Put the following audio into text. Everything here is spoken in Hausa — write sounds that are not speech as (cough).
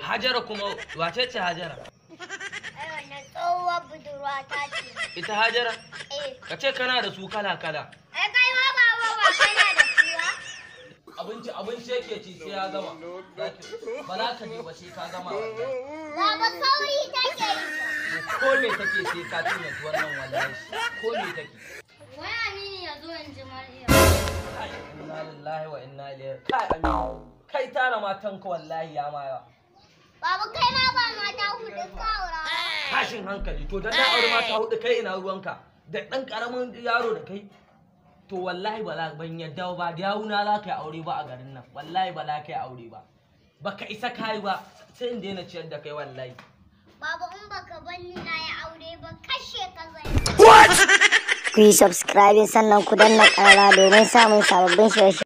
Hajara kuma wace ce Hajara? Wannan tsohuwar budurwa ta ce. Ita Hajara? Eh. Ka ce kana da su kala-kala. Eh kai ma ba ba ba kana da su ba. Abinci abinci yake ci sai ya gama. Ba za ka je ba sai ka gama. Ba ba sauri ko me take sai ka tuna wannan wallahi ko me take wai amini ya zo in ji mariya inna lillahi wa inna ilaihi kai amini kai tara matan ka wallahi ya ma yawa babu kai ma ba mata hudu ka tashin hankali to dan na aure mata hudu kai ina ruwanka da dan karamin yaro da kai to wallahi ba ban yadda ba da yawuna za ka yi aure ba a garin nan wallahi ba za ka yi aure ba baka isa kai ba sai in daina ciyar da kai wallahi Baba ka baka banni na ya aure ba kashe ka zai. What? (laughs) Ku sannan ku danna ƙarara domin samun sababbin shirye